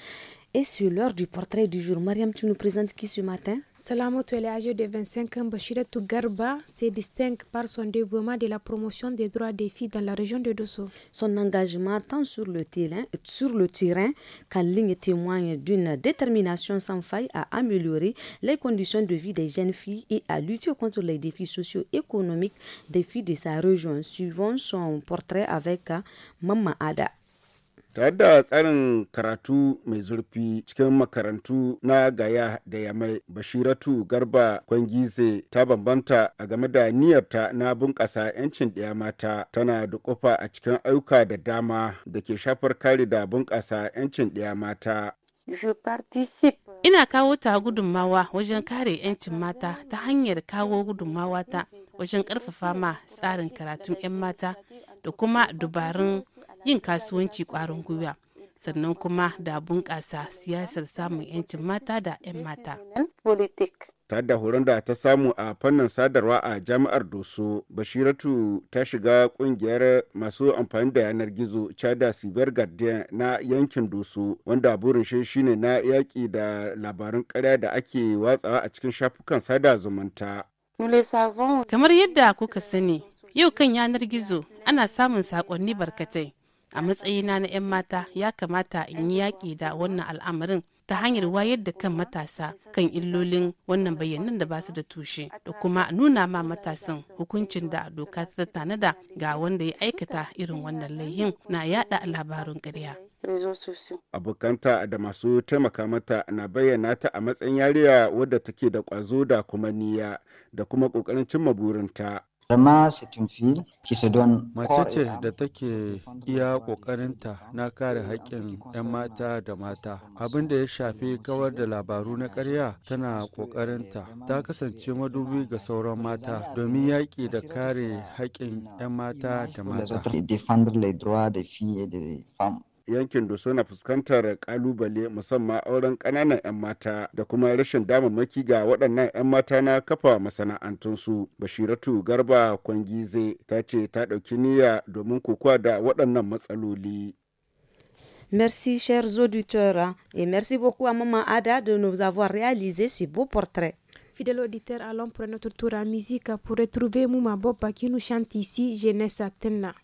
[SPEAKER 1] Et sur l'heure du portrait du jour, Mariam, tu nous présentes qui ce matin
[SPEAKER 2] Salam elle âgée de 25 ans. Bachira Garba se distingue par son dévouement de la promotion des droits des filles dans la région de Dosso.
[SPEAKER 1] Son engagement tant sur le terrain, sur le terrain qu'en ligne témoigne d'une détermination sans faille à améliorer les conditions de vie des jeunes filles et à lutter contre les défis socio-économiques des filles de sa région. Suivons son portrait avec euh, Mama Ada.
[SPEAKER 11] tare da tsarin karatu mai zurfi cikin makarantu na gaya da yamai bashiratu garba kwangize ta bambanta a game da niyyarta na bunƙasa 'yancin ɗaya mata tana da kofa a cikin ayyuka da dama da ke shafar kare da bunƙasa 'yancin ɗaya mata
[SPEAKER 7] Ina kawo ta gudunmawa wajen kare 'yancin mata ta hanyar kawo gudunmawa ta wajen ƙarfafa ma tsarin karatun 'yan mata da kuma dubarun yin kasuwanci kwarin gwiwa sannan kuma da bunƙasa siyasar samun 'yancin mata da 'yan mata.
[SPEAKER 11] ta da horon da ta samu a fannin sadarwa a jami'ar doso bashiratu ta shiga kungiyar masu amfani da yanar gizo chada siber guardian na yankin doso wanda burin shi shine na yaƙi da labarin ƙarya da ake watsawa a cikin shafukan sada zumunta
[SPEAKER 7] kamar yadda kuka sani yau kan yanar gizo ana samun saƙonni barkatai a matsayina na 'yan mata ya kamata in yi yaƙi da wannan al'amarin ta hanyar wayar da kan matasa kan illolin wannan bayyanan da basu da tushe da kuma nuna ma matasan hukuncin da doka ta tanada ga wanda ya aikata irin wannan laihin na yada labarin ƙarya.
[SPEAKER 11] abokanta da masu taimaka mata na bayyana ta a matsayin yariya wadda take da kwazo da kuma niyya da kuma ƙoƙarin cimma burinta
[SPEAKER 6] Rama ki don Mace ce
[SPEAKER 11] da take iya ƙoƙarinta na kare haƙƙin 'yan mata da mata. Abin da ya shafi kawar da labaru na ƙarya tana ƙoƙarinta. Ta kasance madubi ga sauran mata domin yaƙi da kare haƙƙin 'yan mata da mata. yankin da na fuskantar kalubale musamman auren ƙananan 'yan mata da kuma rashin damammaki ga waɗannan 'yan mata na kafa masana'antunsu bashiratu garba kwangize ta ce ta ɗauki niyya domin kokowa da waɗannan matsaloli Merci
[SPEAKER 1] chers auditeurs et merci beaucoup à Maman Ada de nous avoir réalisé ce beau portrait.
[SPEAKER 2] Fidèle auditeur, allons pour notre tour à musique pour retrouver Mouma Boba qui nous chante ici Jeunesse Athéna.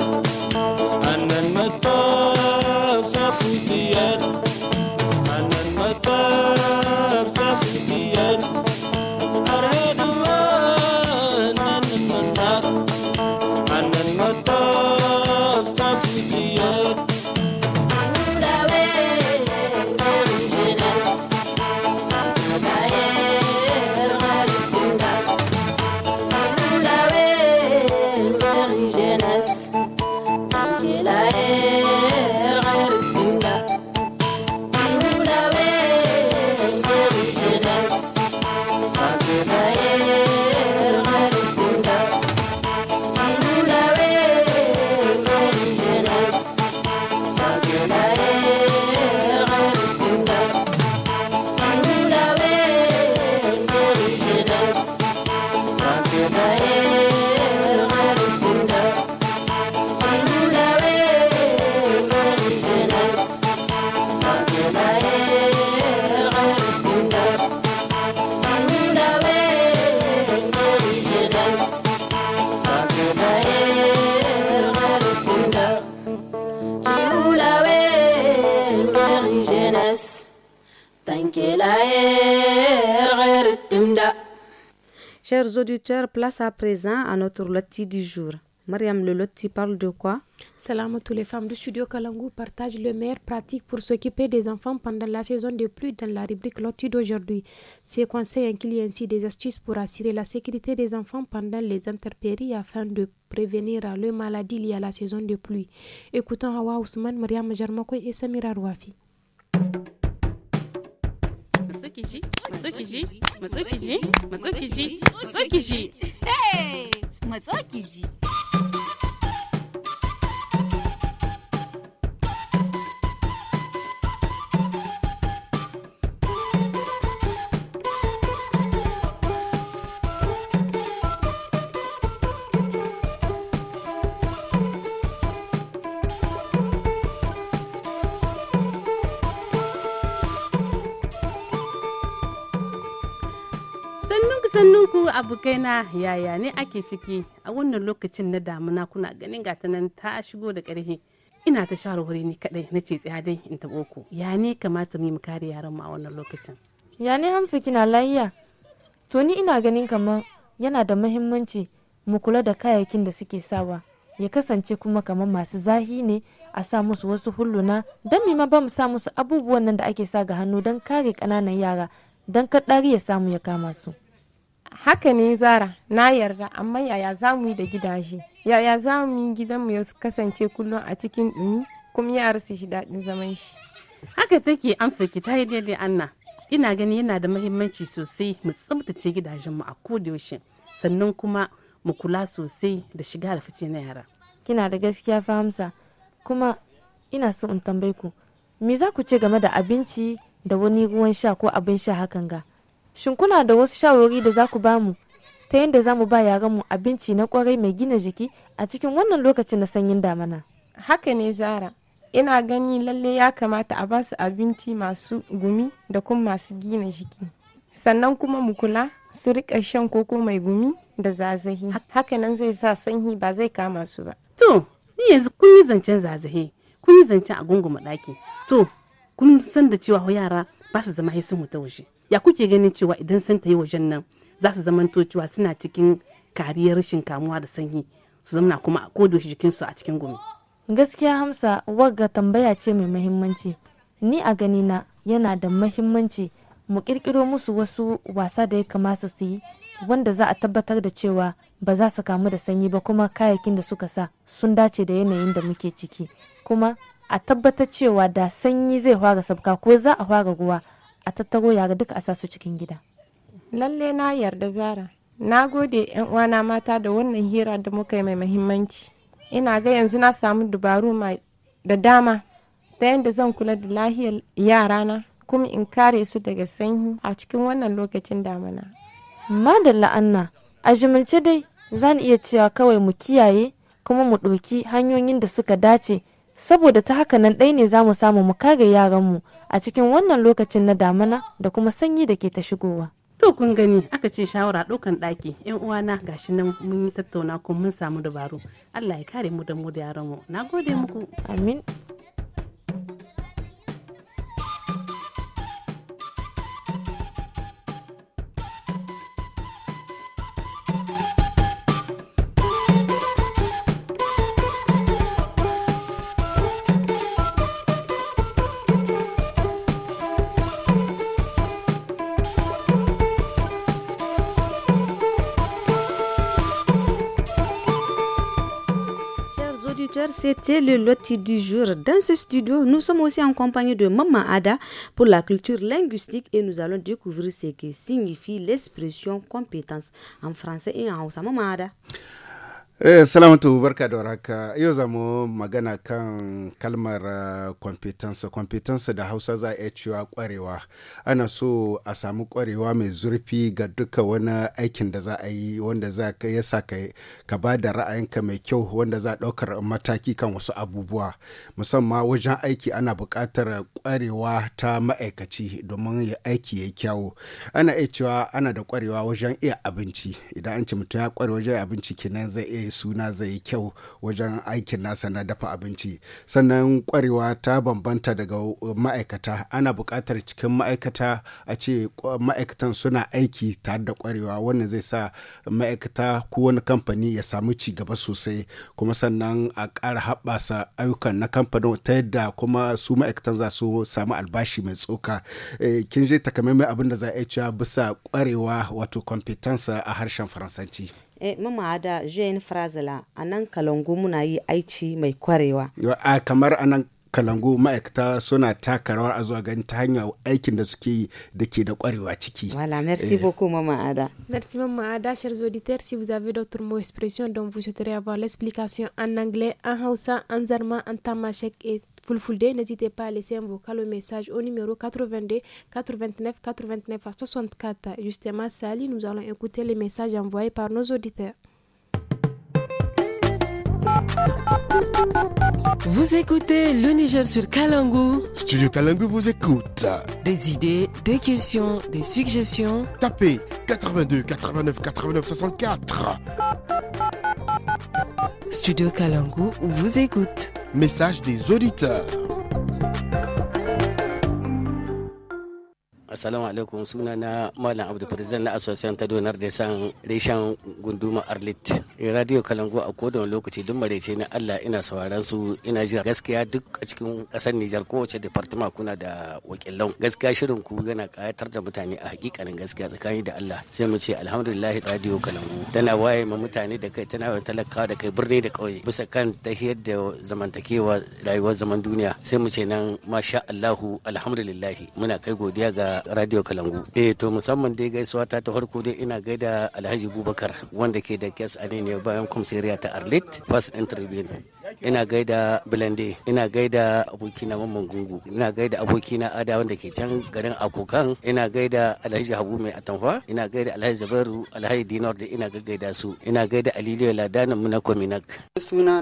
[SPEAKER 12] and then my thoughts are fuzzy.
[SPEAKER 1] place à présent à notre loti du jour. Mariam, le loti parle de quoi
[SPEAKER 2] Salam à tous les femmes du studio Kalangu Partage le meilleur pratique pour s'occuper des enfants pendant la saison de pluie dans la rubrique loti d'aujourd'hui. Ces conseils incluent ainsi des astuces pour assurer la sécurité des enfants pendant les intempéries afin de prévenir les maladies liées à la saison de pluie. Écoutons Hawa Ousmane, Mariam Jarmakoy et Samira Rouafi.
[SPEAKER 7] Matsuki-ji, Matsuki-ji, Matsuki-ji, Matsuki-ji, Matsuki-ji. Ei,
[SPEAKER 13] Matsuki-ji.
[SPEAKER 7] abokaina yaya ne ake ciki a wannan lokacin na damuna kuna ganin gata nan ta shigo da ƙarfi ina ta shawarwari ni kaɗai na ce tsaya dai in taɓo ku ya ne kamata mu kare yaran a wannan lokacin.
[SPEAKER 5] ya ne hamsa kina lafiya to ni ina ganin kamar yana da muhimmanci mu kula da kayayyakin da suke sawa ya kasance kuma kamar masu zahi ne a sa musu wasu hulluna don ma ba mu sa musu abubuwan nan da ake sa ga hannu don kare kananan yara don kaɗari ya samu ya kama su. haka ne zara na yarda amma
[SPEAKER 7] yaya za mu yi da gidaje yaya za mu yi gidanmu ya kasance kullum a cikin ɗumi kuma ya su shi daɗin zaman shi haka take amsa ki ta yi daidai anna ina gani yana da mahimmanci sosai mu tsabtace gidajenmu a kodayaushe sannan kuma mu kula sosai da shiga da fice na yara
[SPEAKER 5] kina da gaskiya fa hamsa kuma ina so in tambayi ku me za ku ce game da abinci da wani ruwan sha ko abin sha hakan ga Shin kuna da wasu shawarwari da za ku ba mu ta yadda za mu ba mu abinci na kwarai mai gina jiki a cikin wannan lokacin na sanyin damana? Haka ne Zara,
[SPEAKER 2] ina gani lalle ya kamata a basu abinci masu gumi da kuma masu gina jiki. Sannan kuma mu kula su rika shan koko mai gumi da zazahi.
[SPEAKER 7] Hakanan zai sa sanyi ba zai kama su ba. To, ni yanzu kun yi zancen zazahi, kun yi zancen a gungun ɗaki. To, kun san da cewa yara ba su zama sun wuta waje ya kuke ganin cewa idan sun ta yi wajen nan za su zama cewa suna cikin kariyar rashin kamuwa da sanyi su zama kuma a kodo jikinsu a cikin gumi
[SPEAKER 5] gaskiya hamsa wagga tambaya ce mai mahimmanci ni a ganina yana da mahimmanci mu kirkiro musu wasu wasa da ya kamata su yi wanda za a tabbatar da cewa ba za su kamu da sanyi ba kuma kayayyakin da suka sa sun dace da yanayin da muke ciki kuma a tabbatar cewa da sanyi zai hwaga sabka ko za a hwaga ruwa a tattaro ga duka a sasu cikin gida
[SPEAKER 2] lalle na yarda zara na gode yan uwana mata da wannan hira da muka yi mai mahimmanci ina ga yanzu na samu dubaru da dama ta yadda zan kula da lahiyar yarana kuma in kare su daga sanyi a cikin wannan lokacin damana
[SPEAKER 5] madalla anna a jimilce dai zan iya cewa kawai mu kiyaye kuma mu ɗauki hanyoyin da suka dace saboda ta haka nan ɗai ne za mu samu mu kare yaranmu a cikin wannan lokacin na damana da kuma sanyi da ke ta shigowa.
[SPEAKER 7] To kun gani aka ce shawara ɗaukan ɗaki ‘yan uwana gashi nan mun yi tattauna kuma mun samu dabaru. Allah ya kare mu da mu da yaranmu. Na gode muku. Amin.
[SPEAKER 1] c'était le loti du jour. Dans ce studio, nous sommes aussi en compagnie de Maman Ada pour la culture linguistique et nous allons découvrir ce que signifie l'expression compétence en français et en hausse. Maman Ada.
[SPEAKER 11] Eh, salamatu barka da warhaka yau za mu magana kan kalmar uh, kwamfitansa kwamfitansa da hausa za a cewa kwarewa ana so a samu kwarewa mai zurfi ga duka wani aikin da za a yi wanda za ka ya sa ka, ba da ra'ayinka mai kyau wanda za a ɗaukar mataki kan wasu abubuwa musamman wajen aiki ana buƙatar kwarewa ta ma'aikaci domin ya aiki ya kyawu ana iya cewa ana da kwarewa wajen iya abinci idan an ce mutum ya kware wajen abinci kenan zai iya suna zai kyau wajen aikin nasa na dafa abinci sannan kwarewa ta bambanta daga uh, ma'aikata ana buƙatar cikin ma'aikata a ce ma'aikatan suna aiki tare da kwarewa wannan zai sa ma'aikata ko wani kamfani ya samu ci gaba sosai kuma sannan a ƙara haɓasa ayyukan na kamfanin ta yadda kuma su ma'aikatan za su samu albashi mai tsoka eh, kin je takamaiman abin da za a iya bisa kwarewa wato kwamfetansa a harshen faransanci
[SPEAKER 1] Eh, mama Ada, une phrase là. « Anang kalangu muna yi aici mai kwarewa.
[SPEAKER 11] kamar anan kalangu ma'aikata suna taka rawar a zuwa gani ta hanyar aikin da suke yi kwarewa ciki. Voilà, merci eh. beaucoup Mama Ada.
[SPEAKER 2] Merci Mama Ada, chers auditeurs, si vous avez d'autres mots expressions dont vous souhaiteriez avoir l'explication en anglais, en hausa, en zarma, en tamashek et Fulfulde, n'hésitez pas à laisser un vocal au message au numéro 82 89 89 64. Justement, Sali, nous allons écouter les messages envoyés par nos auditeurs.
[SPEAKER 5] Vous écoutez le Niger sur Kalangu.
[SPEAKER 11] Studio Kalangu vous écoute. Des idées, des questions, des suggestions. Tapez 82 89 89 64. Studio Kalangu vous écoute.
[SPEAKER 14] Message des auditeurs. assalamu alaikum suna na malam abdu farizan na asosiyan ta donar da san reshen gunduma arlit eh, radio kalango a kodon lokaci duk marece na allah ina sauraron su ina jira gaskiya duk a cikin kasar nijar kowace department kuna da wakilan gaskiya shirin ku yana kayatar da mutane a hakikanin gaskiya tsakani da allah sai mu ce alhamdulillah radio kalango tana waye ma mutane da kai tana talakawa da kai birni da kauye bisa kan tahiyar da zamantakewa rayuwar zaman duniya sai mu ce nan masha allahu alhamdulillah muna kai godiya ga radio kalangu eh to musamman dai gaisuwa ta ta farko dai ina gaida alhaji bubakar wanda ke da kes a ne bayan kwamsiriya ta arlit fas ɗin ina gaida bilande ina gaida abokina mamman gungu ina gaida abokina ada wanda ke can garin akokan ina gaida alhaji habu mai atamfa ina gaida alhaji zabaru alhaji dinar da ina gaida su ina gaida aliliyo ladanin mu na kominak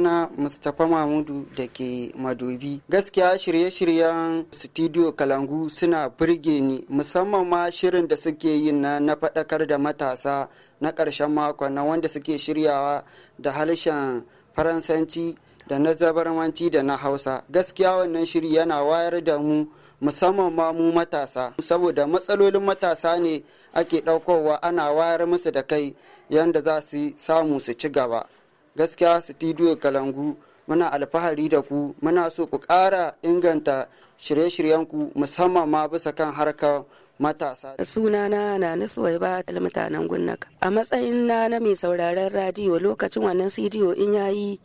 [SPEAKER 15] na mustapha mahmudu da ke madobi gaskiya shirye-shiryen studio kalangu suna burge ni musamman ma shirin da suke yi na na faɗakar da matasa na ƙarshen makon na wanda suke shiryawa da harshen faransanci da na zabarmanci da na hausa gaskiya wannan shiri yana wayar da mu musamman ma mu matasa saboda matsalolin matasa ne ake ɗaukowa ana wayar musu da kai yadda za su samu su ci gaba gaskiya studio kalangu muna alfahari da ku muna so ku ƙara inganta shirye-shiryenku musamman ma bisa kan harkar matasa.
[SPEAKER 16] Sunana na Nasuwai ba mutanen gunnaka. A matsayin na na mai sauraren radiyo lokacin wannan sidiyo in yayi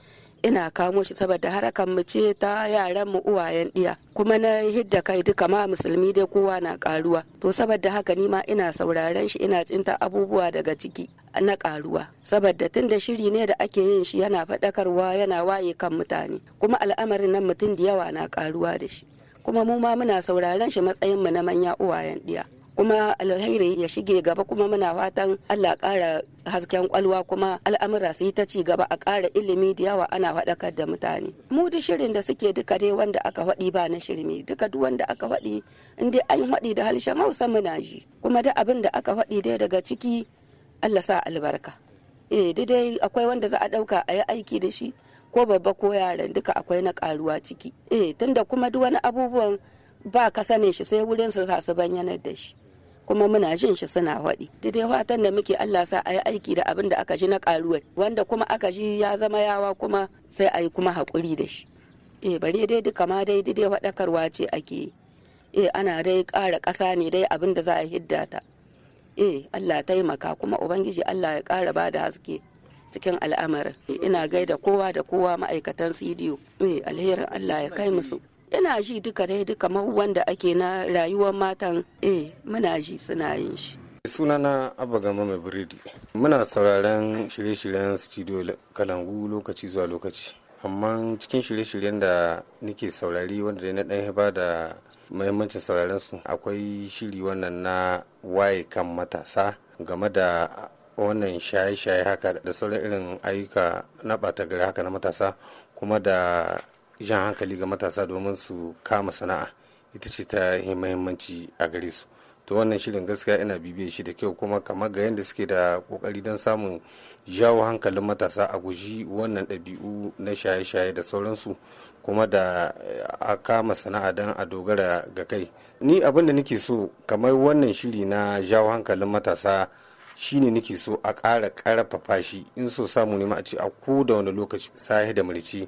[SPEAKER 16] ina kamo shi saboda harakan mu ce ta yaran mu uwayen diya kuma na hidda kai duka ma musulmi dai kowa na karuwa to saboda haka ni ma ina sauraren shi ina cinta abubuwa daga ciki na karuwa saboda tun da shiri ne da ake yin shi yana faɗakarwa yana waye kan mutane kuma al'amarin nan mutum da yawa na karuwa da shi kuma mu ma muna sauraren shi matsayin mu na manya uwayen diya kuma alheri ya shige gaba kuma muna fatan Allah ƙara hasken kwalwa kuma al'amura su yi ta ci gaba a ƙara ilimi da yawa ana faɗakar da mutane mu da shirin da suke duka dai wanda aka faɗi ba na shirme duka duk wanda aka faɗi in an faɗi da harshen hausa muna ji kuma da abin da aka faɗi dai daga ciki allah sa albarka eh dai akwai wanda za a ɗauka a yi aiki da shi ko babba ko yaran duka akwai na karuwa ciki eh tunda kuma duk wani abubuwan ba ka sane shi sai wurin su sa su banyanar da shi kuma muna jin shi suna faɗi dai fatan da muke Allah sa a yi aiki da abin da aka ji na karuwa wanda kuma aka ji ya zama yawa kuma sai a yi kuma haƙuri da shi eh bare dai duka ma dai dai faɗakarwa ce ake eh ana dai ƙara ƙasa ne dai abin da za a hidda ta eh Allah taimaka kuma ubangiji Allah ya ƙara ba da haske cikin al'amarin ina gaida kowa da kowa ma'aikatan sidiyo eh alherin Allah ya kai musu ina ji duka dai duka wanda ake na rayuwar matan eh muna ji suna yin shi
[SPEAKER 17] sunana abba gama mai biredi muna sauraren shirye-shiryen studio kalangu lokaci zuwa lokaci amma cikin shirye-shiryen da nake saurari wanda dai na dan ba da muhimmancin sauraren su akwai shiri wannan na waye kan matasa game da wannan shaye-shaye haka da sauran irin ayyuka na ɓata gari haka na matasa kuma da jan hankali ga matasa domin su kama sana'a ita ce ta muhimmanci a gare su to wannan shirin gaskiya ina bibiya shi da kyau kuma kamar ga yadda suke da kokari don samun jawo hankalin matasa a guji wannan ɗabi'u na shaye-shaye da sauransu kuma da eh, a kama sana'a don a dogara ga kai ni abin da nake so kamar wannan shiri na jawo hankalin matasa shine nake so a ƙara ƙarfafa shi in so samu nema a ce a ko da wani lokaci sahi da mulci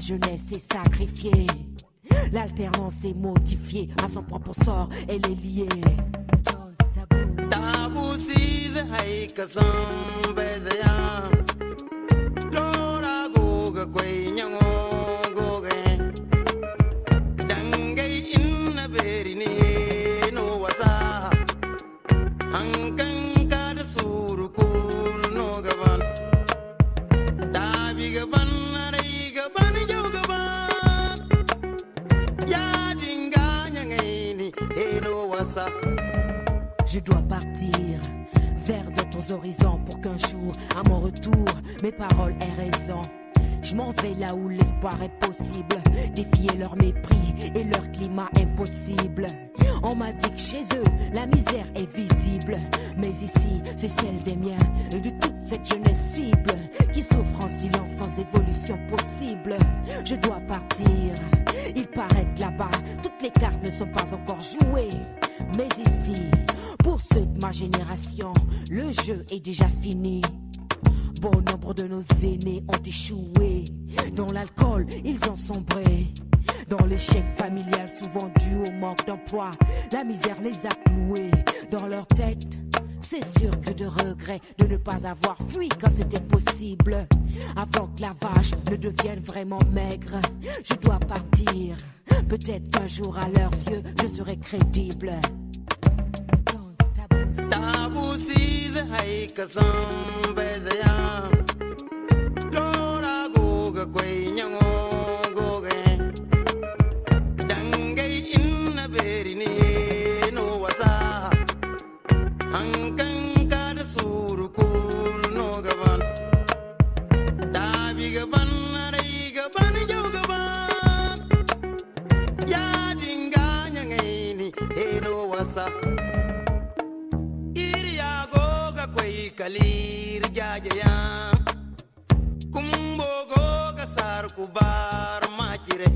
[SPEAKER 13] la jeunesse est sacrifiée. L'alternance est modifiée à son propre sort, elle est liée. arrêter
[SPEAKER 15] kalir jajaya kumbogo kasar kubar machire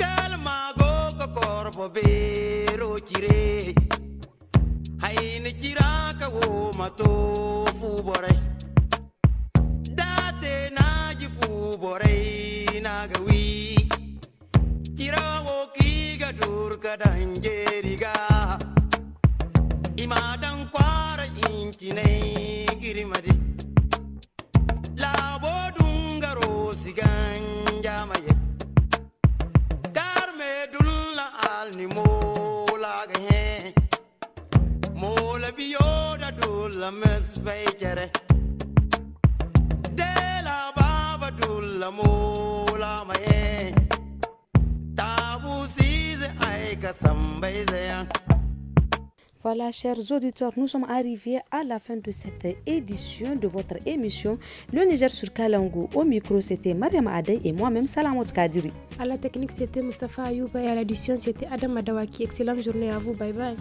[SPEAKER 15] kalmago ko korbo bero chire haini chira ka wo mato fu date na ji fu borai na gawi chira wo ki ga dur ka danjeriga imadan kwara inkine girmadi labo ganja sigan jamaye darme dulla ni mola gahe mola biyo da dulla mes fejere de la baba dulla mola maye tabu size aika sambai
[SPEAKER 1] Voilà, chers auditeurs, nous sommes arrivés à la fin de cette édition de votre émission Le Niger sur Kalango. Au micro, c'était Mariam Adey et moi-même Salamot Kadiri.
[SPEAKER 2] À la technique, c'était Mustafa Ayouba et à l'addition, c'était Adam Adawaki. Excellente journée à vous. Bye bye.